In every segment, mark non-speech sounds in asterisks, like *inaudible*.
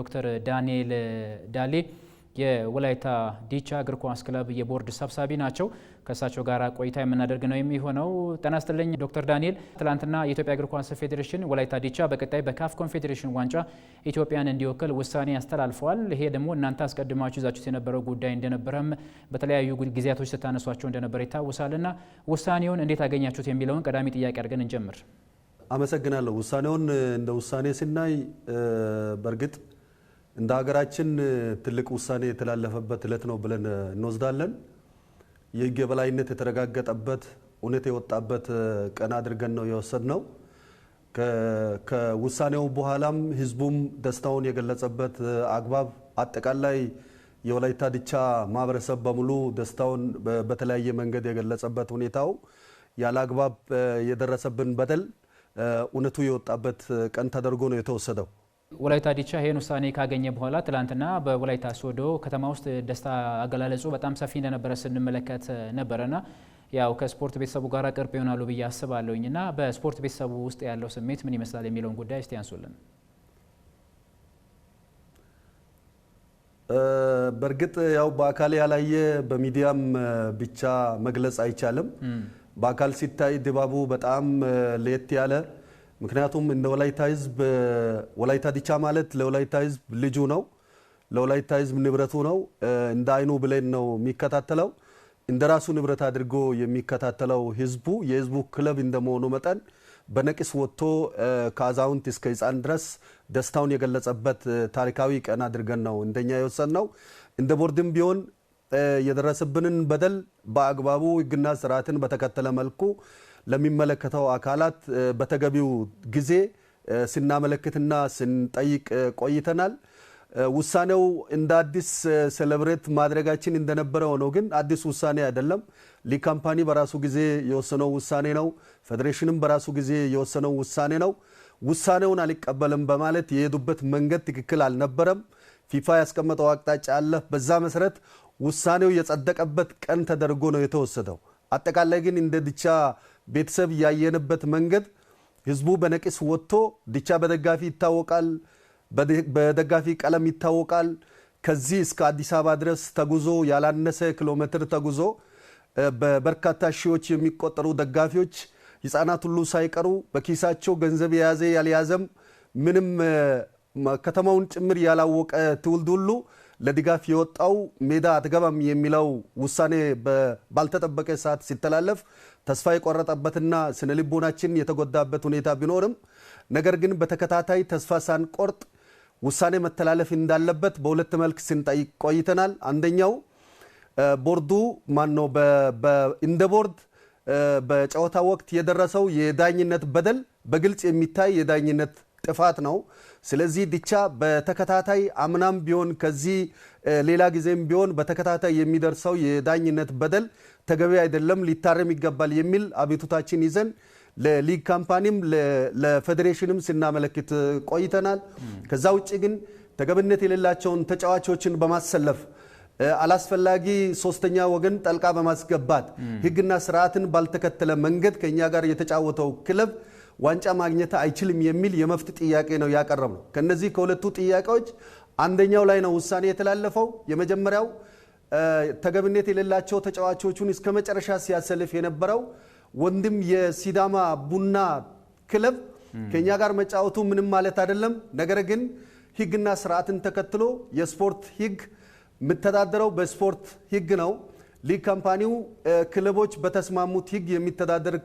ዶክተር ዳንኤል ዳሌ የወላይታ ዲቻ እግር ኳስ ክለብ የቦርድ ሰብሳቢ ናቸው። ከእሳቸው ጋር ቆይታ የምናደርግ ነው የሚሆነው። ጤና ይስጥልኝ ዶክተር ዳንኤል። ትላንትና የኢትዮጵያ እግር ኳስ ፌዴሬሽን ወላይታ ዲቻ በቀጣይ በካፍ ኮንፌዴሬሽን ዋንጫ ኢትዮጵያን እንዲወክል ውሳኔ ያስተላልፈዋል። ይሄ ደግሞ እናንተ አስቀድማችሁ ይዛችሁት የነበረው ጉዳይ እንደነበረም በተለያዩ ጊዜያቶች ስታነሷቸው እንደነበረ ይታወሳልና ውሳኔውን እንዴት አገኛችሁት የሚለውን ቀዳሚ ጥያቄ አድርገን እንጀምር። አመሰግናለሁ። ውሳኔውን እንደ ውሳኔ ስናይ በእርግጥ እንደ ሀገራችን ትልቅ ውሳኔ የተላለፈበት እለት ነው ብለን እንወስዳለን። የህግ የበላይነት የተረጋገጠበት እውነት የወጣበት ቀን አድርገን ነው ነው። ከውሳኔው በኋላም ህዝቡም ደስታውን የገለጸበት አግባብ አጠቃላይ የወላይታ ድቻ ማህበረሰብ በሙሉ ደስታውን በተለያየ መንገድ የገለጸበት ሁኔታው ያለ አግባብ የደረሰብን በደል እውነቱ የወጣበት ቀን ተደርጎ ነው የተወሰደው። ወላይታ ዲቻ ይህን ውሳኔ ካገኘ በኋላ ትላንትና በወላይታ ሶዶ ከተማ ውስጥ ደስታ አገላለጹ በጣም ሰፊ እንደነበረ ስንመለከት ነበረና ያው ከስፖርት ቤተሰቡ ጋር ቅርብ ይሆናሉ ብዬ አስባለሁኝ እና በስፖርት ቤተሰቡ ውስጥ ያለው ስሜት ምን ይመስላል የሚለውን ጉዳይ እስቲ ያንሱልን። በእርግጥ ያው በአካል ያላየ በሚዲያም ብቻ መግለጽ አይቻልም። በአካል ሲታይ ድባቡ በጣም ለየት ያለ ምክንያቱም እንደ ወላይታ ህዝብ ወላይታ ዲቻ ማለት ለወላይታ ህዝብ ልጁ ነው፣ ለወላይታ ህዝብ ንብረቱ ነው። እንደ አይኑ ብሌን ነው የሚከታተለው። እንደ ራሱ ንብረት አድርጎ የሚከታተለው ህዝቡ የህዝቡ ክለብ እንደመሆኑ መጠን በነቂስ ወጥቶ ከአዛውንት እስከ ህፃን ድረስ ደስታውን የገለጸበት ታሪካዊ ቀን አድርገን ነው እንደኛ የወሰን ነው። እንደ ቦርድም ቢሆን የደረሰብንን በደል በአግባቡ ህግና ስርዓትን በተከተለ መልኩ ለሚመለከተው አካላት በተገቢው ጊዜ ስናመለክትና ስንጠይቅ ቆይተናል። ውሳኔው እንደ አዲስ ሴሌብሬት ማድረጋችን እንደነበረ ሆኖ ግን አዲስ ውሳኔ አይደለም። ሊግ ካምፓኒ በራሱ ጊዜ የወሰነው ውሳኔ ነው። ፌዴሬሽንም በራሱ ጊዜ የወሰነው ውሳኔ ነው። ውሳኔውን አልቀበልም በማለት የሄዱበት መንገድ ትክክል አልነበረም። ፊፋ ያስቀመጠው አቅጣጫ አለ። በዛ መሰረት ውሳኔው የጸደቀበት ቀን ተደርጎ ነው የተወሰደው። አጠቃላይ ግን እንደ ድቻ ቤተሰብ ያየንበት መንገድ ህዝቡ በነቂስ ወጥቶ ዲቻ በደጋፊ ይታወቃል፣ በደጋፊ ቀለም ይታወቃል። ከዚህ እስከ አዲስ አበባ ድረስ ተጉዞ ያላነሰ ኪሎ ሜትር ተጉዞ በበርካታ ሺዎች የሚቆጠሩ ደጋፊዎች ህጻናት ሁሉ ሳይቀሩ በኪሳቸው ገንዘብ የያዘ ያልያዘም ምንም ከተማውን ጭምር ያላወቀ ትውልድ ሁሉ ለድጋፍ የወጣው ሜዳ አትገባም የሚለው ውሳኔ ባልተጠበቀ ሰዓት ሲተላለፍ ተስፋ የቆረጠበትና ስነ ልቦናችን የተጎዳበት ሁኔታ ቢኖርም ነገር ግን በተከታታይ ተስፋ ሳንቆርጥ ውሳኔ መተላለፍ እንዳለበት በሁለት መልክ ስንጠይቅ ቆይተናል። አንደኛው ቦርዱ ማነው እንደ ቦርድ በጨዋታ ወቅት የደረሰው የዳኝነት በደል በግልጽ የሚታይ የዳኝነት ጥፋት ነው። ስለዚህ ዲቻ በተከታታይ አምናም ቢሆን ከዚህ ሌላ ጊዜም ቢሆን በተከታታይ የሚደርሰው የዳኝነት በደል ተገቢ አይደለም፣ ሊታረም ይገባል የሚል አቤቱታችን ይዘን ለሊግ ካምፓኒም ለፌዴሬሽንም ስናመለክት ቆይተናል። ከዛ ውጭ ግን ተገብነት የሌላቸውን ተጫዋቾችን በማሰለፍ አላስፈላጊ ሶስተኛ ወገን ጠልቃ በማስገባት ሕግና ስርዓትን ባልተከተለ መንገድ ከእኛ ጋር የተጫወተው ክለብ ዋንጫ ማግኘት አይችልም የሚል የመፍት ጥያቄ ነው ያቀረብ ነው። ከነዚህ ከሁለቱ ጥያቄዎች አንደኛው ላይ ነው ውሳኔ የተላለፈው። የመጀመሪያው ተገብነት የሌላቸው ተጫዋቾቹን እስከ መጨረሻ ሲያሰልፍ የነበረው ወንድም የሲዳማ ቡና ክለብ ከኛ ጋር መጫወቱ ምንም ማለት አይደለም። ነገር ግን ሕግና ስርዓትን ተከትሎ የስፖርት ሕግ የምተዳደረው በስፖርት ሕግ ነው። ሊግ ካምፓኒው ክለቦች በተስማሙት ሕግ የሚተዳደር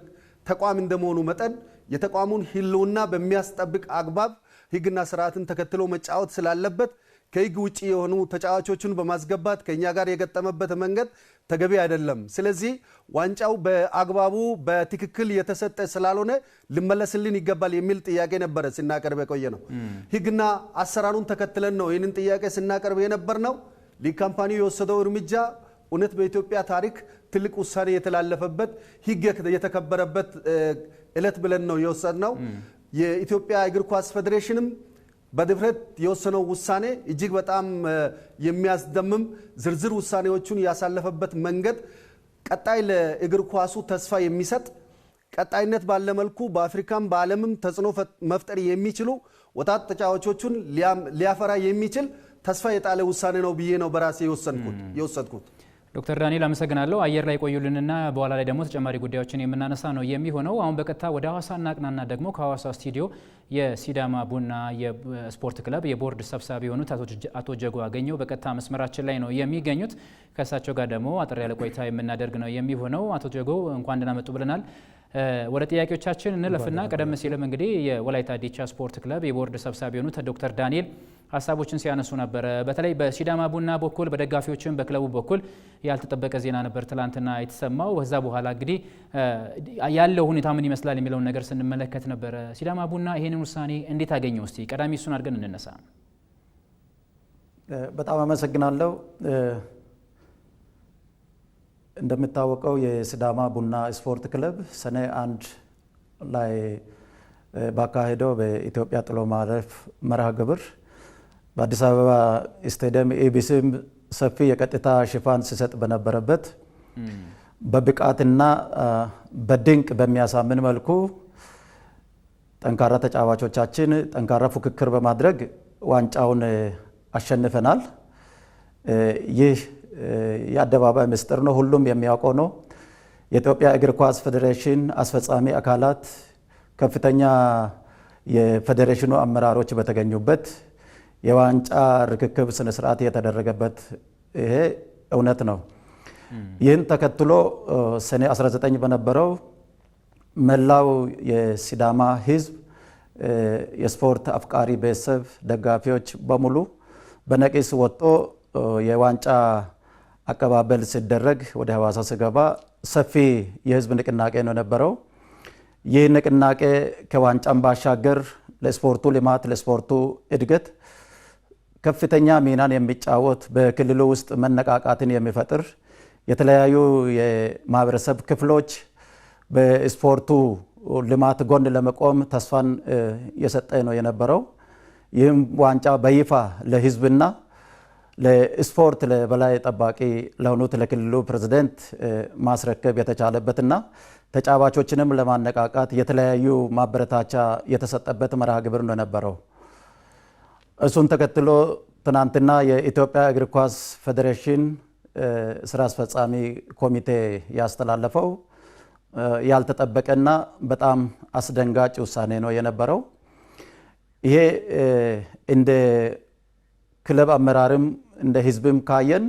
ተቋም እንደመሆኑ መጠን የተቋሙን ህልውና በሚያስጠብቅ አግባብ ህግና ስርዓትን ተከትሎ መጫወት ስላለበት ከህግ ውጭ የሆኑ ተጫዋቾቹን በማስገባት ከእኛ ጋር የገጠመበት መንገድ ተገቢ አይደለም። ስለዚህ ዋንጫው በአግባቡ በትክክል የተሰጠ ስላልሆነ ልመለስልን ይገባል የሚል ጥያቄ ነበረ ስናቀርብ የቆየ ነው። ህግና አሰራሩን ተከትለን ነው ይህንን ጥያቄ ስናቀርብ የነበር ነው። ሊግ ካምፓኒው የወሰደው እርምጃ እውነት በኢትዮጵያ ታሪክ ትልቅ ውሳኔ የተላለፈበት ህግ የተከበረበት እለት ብለን ነው የወሰድነው። የኢትዮጵያ እግር ኳስ ፌዴሬሽንም በድፍረት የወሰነው ውሳኔ እጅግ በጣም የሚያስደምም ዝርዝር ውሳኔዎቹን ያሳለፈበት መንገድ ቀጣይ ለእግር ኳሱ ተስፋ የሚሰጥ ቀጣይነት ባለ መልኩ በአፍሪካም በዓለምም ተጽዕኖ መፍጠር የሚችሉ ወጣት ተጫዋቾቹን ሊያፈራ የሚችል ተስፋ የጣለ ውሳኔ ነው ብዬ ነው በራሴ የወሰድኩት ዶክተር ዳንኤል አመሰግናለሁ። አየር ላይ ቆዩልንና በኋላ ላይ ደግሞ ተጨማሪ ጉዳዮችን የምናነሳ ነው የሚሆነው። አሁን በቀጥታ ወደ ሐዋሳ እናቅናና ደግሞ ከሐዋሳ ስቱዲዮ የሲዳማ ቡና የስፖርት ክለብ የቦርድ ሰብሳቢ የሆኑት አቶ ጀጎ አገኘው በቀጥታ መስመራችን ላይ ነው የሚገኙት። ከእሳቸው ጋር ደግሞ አጠር ያለ ቆይታ የምናደርግ ነው የሚሆነው። አቶ ጀጎ እንኳን ደህና መጡ ብለናል። ወደ ጥያቄዎቻችን እንለፍና ቀደም ሲልም እንግዲህ የወላይታ ዲቻ ስፖርት ክለብ የቦርድ ሰብሳቢ የሆኑት ዶክተር ዳንኤል ሀሳቦችን ሲያነሱ ነበረ። በተለይ በሲዳማ ቡና በኩል በደጋፊዎችም በክለቡ በኩል ያልተጠበቀ ዜና ነበር ትላንትና የተሰማው። ከዛ በኋላ እንግዲህ ያለው ሁኔታ ምን ይመስላል የሚለውን ነገር ስንመለከት ነበረ። ሲዳማ ቡና ይህንን ውሳኔ እንዴት አገኘው? እስቲ ቀዳሚ እሱን አድርገን እንነሳ። በጣም አመሰግናለሁ። እንደሚታወቀው የሲዳማ ቡና ስፖርት ክለብ ሰኔ አንድ ላይ ባካሄደው በኢትዮጵያ ጥሎ ማለፍ መርሃ ግብር በአዲስ አበባ ስታዲየም ኤቢሲም ሰፊ የቀጥታ ሽፋን ሲሰጥ በነበረበት በብቃትና በድንቅ በሚያሳምን መልኩ ጠንካራ ተጫዋቾቻችን ጠንካራ ፉክክር በማድረግ ዋንጫውን አሸንፈናል። ይህ የአደባባይ ምስጢር ነው፣ ሁሉም የሚያውቀው ነው። የኢትዮጵያ እግር ኳስ ፌዴሬሽን አስፈጻሚ አካላት፣ ከፍተኛ የፌዴሬሽኑ አመራሮች በተገኙበት የዋንጫ ርክክብ ስነስርዓት የተደረገበት ይሄ እውነት ነው። ይህን ተከትሎ ሰኔ 19 በነበረው መላው የሲዳማ ህዝብ የስፖርት አፍቃሪ ቤተሰብ ደጋፊዎች በሙሉ በነቂስ ወጥቶ የዋንጫ አቀባበል ሲደረግ ወደ ህዋሳ ስገባ ሰፊ የህዝብ ንቅናቄ ነው የነበረው። ይህ ንቅናቄ ከዋንጫን ባሻገር ለስፖርቱ ልማት፣ ለስፖርቱ እድገት ከፍተኛ ሚናን የሚጫወት በክልሉ ውስጥ መነቃቃትን የሚፈጥር የተለያዩ የማህበረሰብ ክፍሎች በስፖርቱ ልማት ጎን ለመቆም ተስፋን የሰጠ ነው የነበረው። ይህም ዋንጫ በይፋ ለህዝብና ለስፖርት ለበላይ ጠባቂ ለሆኑት ለክልሉ ፕሬዝደንት ማስረከብ የተቻለበትና ተጫዋቾችንም ለማነቃቃት የተለያዩ ማበረታቻ የተሰጠበት መርሃ ግብር ነው የነበረው። እሱን ተከትሎ ትናንትና የኢትዮጵያ እግር ኳስ ፌዴሬሽን ስራ አስፈጻሚ ኮሚቴ ያስተላለፈው ያልተጠበቀና በጣም አስደንጋጭ ውሳኔ ነው የነበረው። ይሄ እንደ ክለብ አመራርም እንደ ሕዝብም ካየን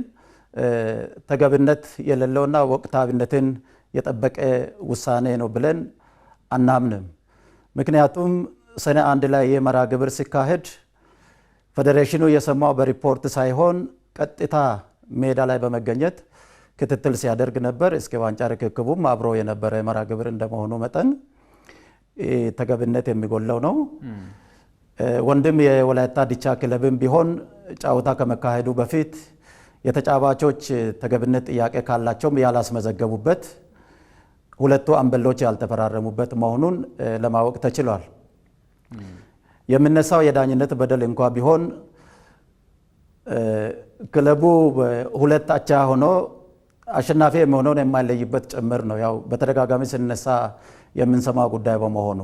ተገብነት የሌለውና ወቅታዊነትን የጠበቀ ውሳኔ ነው ብለን አናምንም። ምክንያቱም ሰኔ አንድ ላይ የመርሃ ግብር ሲካሄድ ፌዴሬሽኑ የሰማው በሪፖርት ሳይሆን ቀጥታ ሜዳ ላይ በመገኘት ክትትል ሲያደርግ ነበር። እስከ ዋንጫ ርክክቡም አብሮ የነበረ መርሃ ግብር እንደመሆኑ መጠን ተገብነት የሚጎለው ነው። ወንድም የወላይታ ዲቻ ክለብም ቢሆን ጨዋታ ከመካሄዱ በፊት የተጫዋቾች ተገብነት ጥያቄ ካላቸውም ያላስመዘገቡበት ሁለቱ አንበሎች ያልተፈራረሙበት መሆኑን ለማወቅ ተችሏል። የምነሳው የዳኝነት በደል እንኳ ቢሆን ክለቡ ሁለት አቻ ሆኖ አሸናፊ የሚሆነውን የማይለይበት ጭምር ነው። ያው በተደጋጋሚ ስነሳ የምንሰማ ጉዳይ በመሆኑ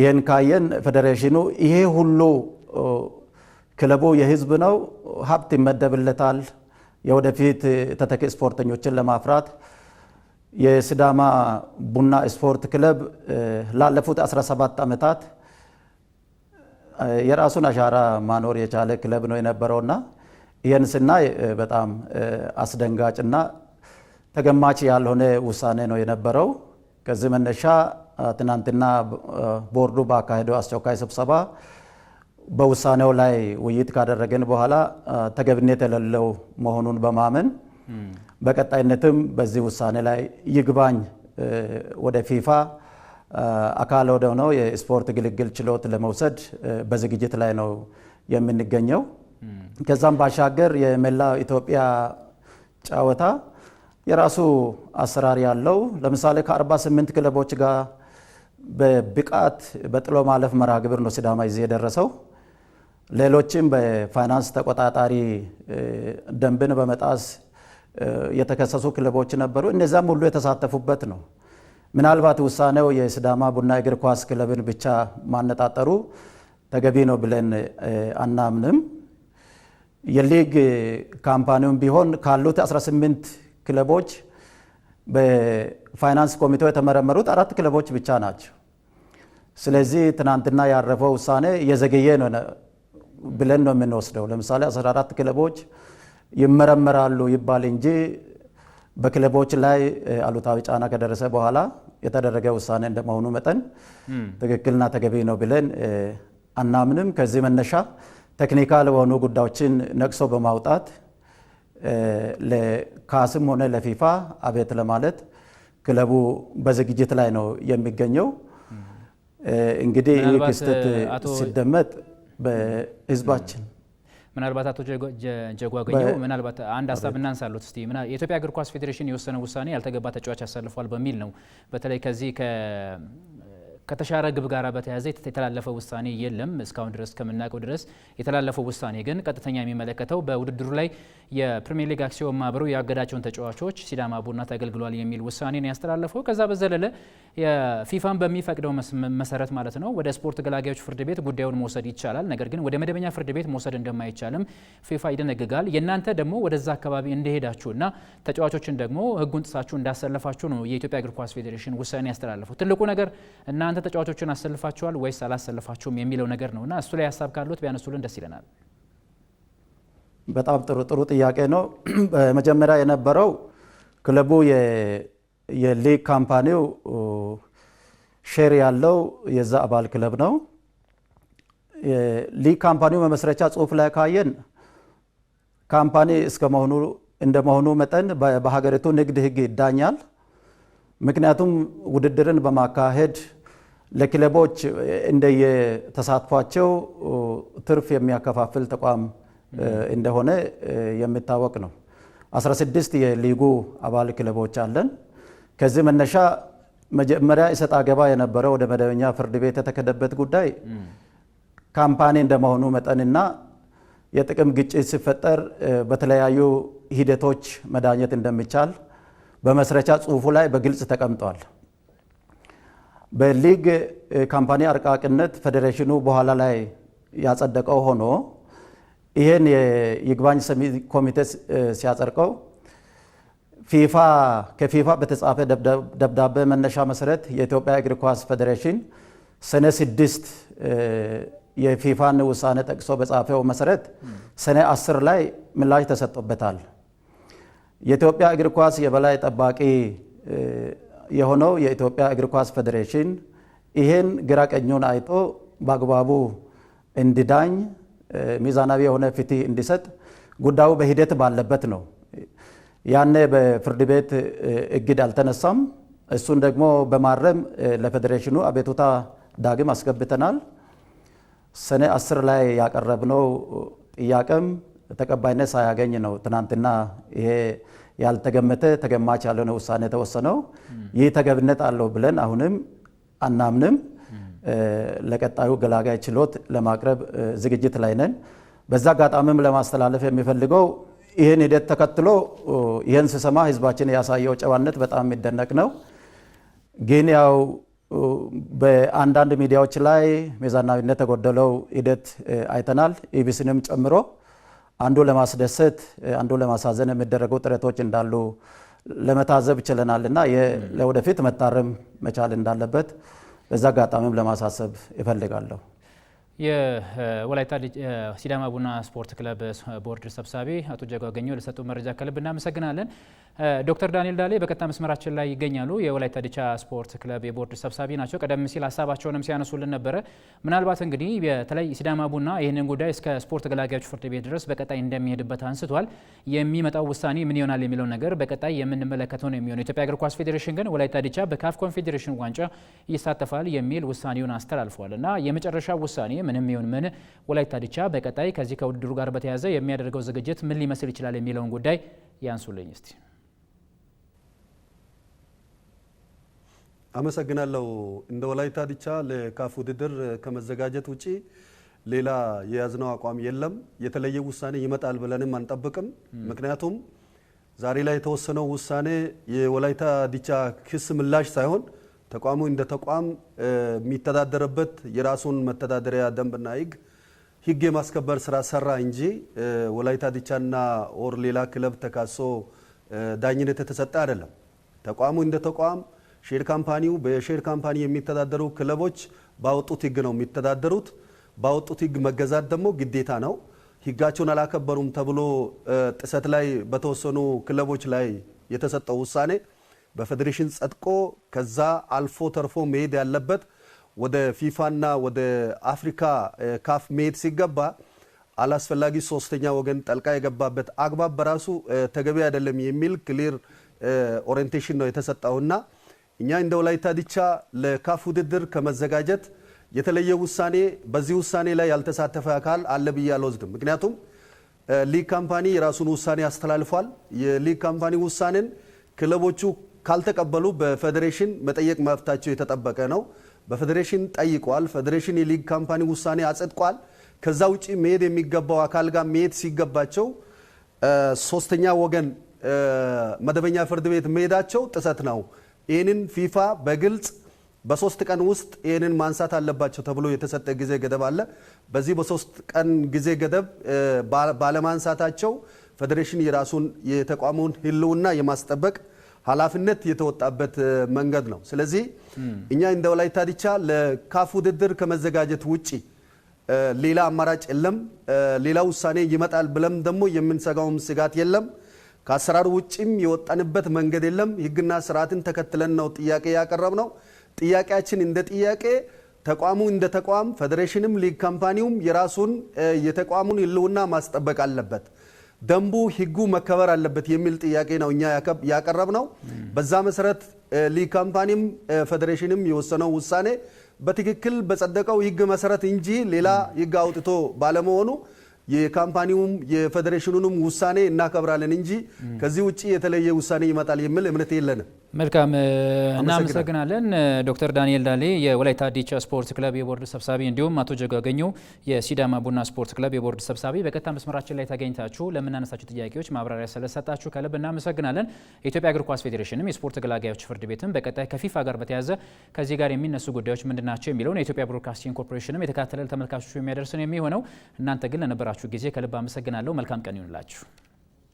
ይህን ካየን ፌዴሬሽኑ ይሄ ሁሉ ክለቡ የህዝብ ነው፣ ሀብት ይመደብለታል። የወደፊት ተተኪ ስፖርተኞችን ለማፍራት የሲዳማ ቡና ስፖርት ክለብ ላለፉት 17 ዓመታት የራሱን አሻራ ማኖር የቻለ ክለብ ነው የነበረውና ይህን ስናይ በጣም አስደንጋጭና ተገማች ያልሆነ ውሳኔ ነው የነበረው። ከዚህ መነሻ ትናንትና ቦርዱ ባካሄደው አስቸኳይ ስብሰባ በውሳኔው ላይ ውይይት ካደረገን በኋላ ተገብነት የሌለው መሆኑን በማመን በቀጣይነትም በዚህ ውሳኔ ላይ ይግባኝ ወደ ፊፋ አካል ወደ ሆነው የስፖርት ግልግል ችሎት ለመውሰድ በዝግጅት ላይ ነው የምንገኘው። ከዛም ባሻገር የመላው ኢትዮጵያ ጨዋታ የራሱ አሰራር ያለው ለምሳሌ ከ48 ክለቦች ጋር በብቃት በጥሎ ማለፍ መርሃ ግብር ነው ሲዳማ ይዜ የደረሰው። ሌሎችም በፋይናንስ ተቆጣጣሪ ደንብን በመጣስ የተከሰሱ ክለቦች ነበሩ። እነዚያም ሁሉ የተሳተፉበት ነው። ምናልባት ውሳኔው የስዳማ ቡና እግር ኳስ ክለብን ብቻ ማነጣጠሩ ተገቢ ነው ብለን አናምንም። የሊግ ካምፓኒውም ቢሆን ካሉት 18 ክለቦች በፋይናንስ ኮሚቴው የተመረመሩት አራት ክለቦች ብቻ ናቸው። ስለዚህ ትናንትና ያረፈው ውሳኔ የዘገየ ነው ብለን ነው የምንወስደው። ለምሳሌ 14 ክለቦች ይመረመራሉ ይባል እንጂ በክለቦች ላይ አሉታዊ ጫና ከደረሰ በኋላ የተደረገ ውሳኔ እንደመሆኑ መጠን ትክክልና ተገቢ ነው ብለን አናምንም። ከዚህ መነሻ ቴክኒካል የሆኑ ጉዳዮችን ነቅሶ በማውጣት ለካስም ሆነ ለፊፋ አቤት ለማለት ክለቡ በዝግጅት ላይ ነው የሚገኘው። እንግዲህ ይህ ክስተት ሲደመጥ በህዝባችን ምናልባት አቶ ጀጓገኘው ምናልባት አንድ ሀሳብ እናንሳለት እስቲ የኢትዮጵያ እግር ኳስ ፌዴሬሽን የወሰነ ውሳኔ ያልተገባ ተጫዋች ያሳልፏል በሚል ነው። በተለይ ከዚህ ከተሻረ ግብ ጋር በተያያዘ የተላለፈ ውሳኔ የለም እስካሁን ድረስ ከምናውቀው ድረስ። የተላለፈው ውሳኔ ግን ቀጥተኛ የሚመለከተው በውድድሩ ላይ የፕሪሚየር ሊግ አክሲዮን ማህበሩ ያገዳቸውን ተጫዋቾች ሲዳማ ቡና ተገልግሏል የሚል ውሳኔ ነው ያስተላለፈው። ከዛ በዘለለ የፊፋን በሚፈቅደው መሰረት ማለት ነው ወደ ስፖርት ገላጋዮች ፍርድ ቤት ጉዳዩን መውሰድ ይቻላል። ነገር ግን ወደ መደበኛ ፍርድ ቤት መውሰድ እንደማይቻልም ፊፋ ይደነግጋል። የእናንተ ደግሞ ወደዛ አካባቢ እንደሄዳችሁና ተጫዋቾችን ደግሞ ህጉን ጥሳችሁ እንዳሰለፋችሁ ነው የኢትዮጵያ እግር ኳስ ፌዴሬሽን ውሳኔ ያስተላለፈው። ትልቁ ነገር እና እናንተ ተጫዋቾችን አሰልፋችኋል ወይስ አላሰልፋችሁም የሚለው ነገር ነው እና እሱ ላይ ሀሳብ ካሉት ቢያነሱልን ደስ ይለናል። በጣም ጥሩ ጥሩ ጥያቄ ነው። *clears throat* በመጀመሪያ የነበረው ክለቡ የሊግ ካምፓኒው ሼር ያለው የዛ አባል ክለብ ነው። ሊግ ካምፓኒው መመስረቻ ጽሁፍ ላይ ካየን ካምፓኒ እንደ መሆኑ መጠን በሀገሪቱ ንግድ ህግ ይዳኛል። ምክንያቱም ውድድርን በማካሄድ ለክለቦች እንደየተሳትፏቸው ትርፍ የሚያከፋፍል ተቋም እንደሆነ የሚታወቅ ነው። 16 የሊጉ አባል ክለቦች አለን። ከዚህ መነሻ መጀመሪያ እሰጥ አገባ የነበረው ወደ መደበኛ ፍርድ ቤት የተከደበት ጉዳይ ካምፓኒ እንደመሆኑ መጠንና የጥቅም ግጭት ሲፈጠር በተለያዩ ሂደቶች መዳኘት እንደሚቻል በመስረቻ ጽሁፉ ላይ በግልጽ ተቀምጧል። በሊግ ካምፓኒ አርቃቂነት ፌዴሬሽኑ በኋላ ላይ ያጸደቀው ሆኖ ይህን የይግባኝ ሰሚ ኮሚቴ ሲያጸድቀው ፊፋ ከፊፋ በተጻፈ ደብዳቤ መነሻ መሰረት የኢትዮጵያ እግር ኳስ ፌዴሬሽን ሰኔ ስድስት የፊፋን ውሳኔ ጠቅሶ በጻፈው መሰረት ሰኔ አስር ላይ ምላሽ ተሰጥቶበታል። የኢትዮጵያ እግር ኳስ የበላይ ጠባቂ የሆነው የኢትዮጵያ እግር ኳስ ፌዴሬሽን ይህን ግራቀኙን አይቶ በአግባቡ እንዲዳኝ ሚዛናዊ የሆነ ፍትህ እንዲሰጥ ጉዳዩ በሂደት ባለበት ነው። ያኔ በፍርድ ቤት እግድ አልተነሳም። እሱን ደግሞ በማረም ለፌዴሬሽኑ አቤቱታ ዳግም አስገብተናል። ሰኔ አስር ላይ ያቀረብነው ጥያቄም ተቀባይነት ሳያገኝ ነው ትናንትና ይሄ ያልተገመተ ተገማች ያልሆነ ውሳኔ የተወሰነው ይህ ተገብነት አለው ብለን አሁንም አናምንም። ለቀጣዩ ገላጋይ ችሎት ለማቅረብ ዝግጅት ላይ ነን። በዛ አጋጣሚም ለማስተላለፍ የሚፈልገው ይህን ሂደት ተከትሎ ይህን ስሰማ ህዝባችን ያሳየው ጨዋነት በጣም የሚደነቅ ነው። ግን ያው በአንዳንድ ሚዲያዎች ላይ ሚዛናዊነት የተጎደለው ሂደት አይተናል፣ ኢቢሲንም ጨምሮ አንዱ ለማስደሰት አንዱ ለማሳዘን የሚደረጉ ጥረቶች እንዳሉ ለመታዘብ ችለናል እና ለወደፊት መታረም መቻል እንዳለበት በዛ አጋጣሚም ለማሳሰብ ይፈልጋለሁ። የወላይታ ሲዳማ ቡና ስፖርት ክለብ ቦርድ ሰብሳቢ አቶ ጀጎ አገኘሁ ለሰጡ መረጃ ከልብ እናመሰግናለን። ዶክተር ዳንኤል ዳሌ በቀጥታ መስመራችን ላይ ይገኛሉ። የወላይታ ዲቻ ስፖርት ክለብ የቦርድ ሰብሳቢ ናቸው። ቀደም ሲል ሀሳባቸውንም ሲያነሱልን ነበረ። ምናልባት እንግዲህ በተለይ ሲዳማ ቡና ይህንን ጉዳይ እስከ ስፖርት ገላጋዮች ፍርድ ቤት ድረስ በቀጣይ እንደሚሄድበት አንስቷል። የሚመጣው ውሳኔ ምን ይሆናል የሚለው ነገር በቀጣይ የምንመለከተው ነው የሚሆነው። ኢትዮጵያ እግር ኳስ ፌዴሬሽን ግን ወላይታ ዲቻ በካፍ ኮንፌዴሬሽን ዋንጫ ይሳተፋል የሚል ውሳኔውን አስተላልፏል እና የመጨረሻ ውሳኔ ምንም ይሁን ምን ወላይታ ዲቻ በቀጣይ ከዚህ ከውድድሩ ጋር በተያያዘ የሚያደርገው ዝግጅት ምን ሊመስል ይችላል የሚለውን ጉዳይ ያንሱልኝ እስቲ። አመሰግናለሁ። እንደ ወላይታ ዲቻ ለካፍ ውድድር ከመዘጋጀት ውጪ ሌላ የያዝነው አቋም የለም። የተለየ ውሳኔ ይመጣል ብለንም አንጠብቅም። ምክንያቱም ዛሬ ላይ የተወሰነው ውሳኔ የወላይታ ዲቻ ክስ ምላሽ ሳይሆን ተቋሙ እንደ ተቋም የሚተዳደርበት የራሱን መተዳደሪያ ደንብና ህግ ህግ የማስከበር ስራ ሰራ እንጂ ወላይታ ዲቻና ኦር ሌላ ክለብ ተካሶ ዳኝነት የተሰጠ አይደለም። ተቋሙ እንደ ተቋም ሼር ካምፓኒው በሼር ካምፓኒ የሚተዳደሩ ክለቦች ባወጡት ህግ ነው የሚተዳደሩት። ባወጡት ህግ መገዛት ደግሞ ግዴታ ነው። ህጋቸውን አላከበሩም ተብሎ ጥሰት ላይ በተወሰኑ ክለቦች ላይ የተሰጠው ውሳኔ በፌዴሬሽን ጸድቆ ከዛ አልፎ ተርፎ መሄድ ያለበት ወደ ፊፋና ወደ አፍሪካ ካፍ መሄድ ሲገባ አላስፈላጊ ሶስተኛ ወገን ጠልቃ የገባበት አግባብ በራሱ ተገቢ አይደለም የሚል ክሊር ኦሪንቴሽን ነው የተሰጠውና እኛ እንደ ወላይታ ዲቻ ለካፍ ውድድር ከመዘጋጀት የተለየ ውሳኔ በዚህ ውሳኔ ላይ ያልተሳተፈ አካል አለ ብዬ አልወስድም። ምክንያቱም ሊግ ካምፓኒ የራሱን ውሳኔ አስተላልፏል። የሊግ ካምፓኒ ውሳኔን ክለቦቹ ካልተቀበሉ በፌዴሬሽን መጠየቅ መብታቸው የተጠበቀ ነው። በፌዴሬሽን ጠይቋል። ፌዴሬሽን የሊግ ካምፓኒ ውሳኔ አጸድቋል። ከዛ ውጪ መሄድ የሚገባው አካል ጋር መሄድ ሲገባቸው ሶስተኛ ወገን መደበኛ ፍርድ ቤት መሄዳቸው ጥሰት ነው። ይህንን ፊፋ በግልጽ በሶስት ቀን ውስጥ ይህንን ማንሳት አለባቸው ተብሎ የተሰጠ ጊዜ ገደብ አለ። በዚህ በሶስት ቀን ጊዜ ገደብ ባለማንሳታቸው ፌዴሬሽን የራሱን የተቋሙን ሕልውና የማስጠበቅ ኃላፊነት የተወጣበት መንገድ ነው። ስለዚህ እኛ እንደ ወላይታ ዲቻ ለካፍ ውድድር ከመዘጋጀት ውጪ ሌላ አማራጭ የለም። ሌላ ውሳኔ ይመጣል ብለም ደግሞ የምንሰጋውም ስጋት የለም። ከአሰራር ውጪም የወጣንበት መንገድ የለም። ሕግና ስርዓትን ተከትለን ነው ጥያቄ ያቀረብ ነው። ጥያቄያችን እንደ ጥያቄ ተቋሙ እንደ ተቋም ፌዴሬሽንም ሊግ ካምፓኒውም የራሱን የተቋሙን ህልውና ማስጠበቅ አለበት። ደንቡ ህጉ መከበር አለበት የሚል ጥያቄ ነው እኛ ያቀረብ ነው። በዛ መሰረት ሊግ ካምፓኒም ፌዴሬሽንም የወሰነው ውሳኔ በትክክል በጸደቀው ህግ መሰረት እንጂ ሌላ ህግ አውጥቶ ባለመሆኑ የካምፓኒውም የፌዴሬሽኑንም ውሳኔ እናከብራለን እንጂ ከዚህ ውጭ የተለየ ውሳኔ ይመጣል የሚል እምነት የለንም። መልካም እናመሰግናለን። ዶክተር ዳንኤል ዳሌ የወላይታ ዲቻ ስፖርት ክለብ የቦርድ ሰብሳቢ፣ እንዲሁም አቶ ጀጋገኙ የሲዳማ ቡና ስፖርት ክለብ የቦርድ ሰብሳቢ በቀጥታ መስመራችን ላይ ተገኝታችሁ ለምናነሳችሁ ጥያቄዎች ማብራሪያ ስለሰጣችሁ ከልብ እናመሰግናለን። የኢትዮጵያ እግር ኳስ ፌዴሬሽንም የስፖርት ገላጋዮች ፍርድ ቤትም በቀጣይ ከፊፋ ጋር በተያያዘ ከዚህ ጋር የሚነሱ ጉዳዮች ምንድናቸው የሚለውን የኢትዮጵያ ብሮድካስቲንግ ኮርፖሬሽንም የተካተለ ተመልካቾቹ የሚያደርስ ነው የሚሆነው። እናንተ ግን ለነበራችሁ ጊዜ ከልብ አመሰግናለሁ። መልካም ቀን ይሁንላችሁ።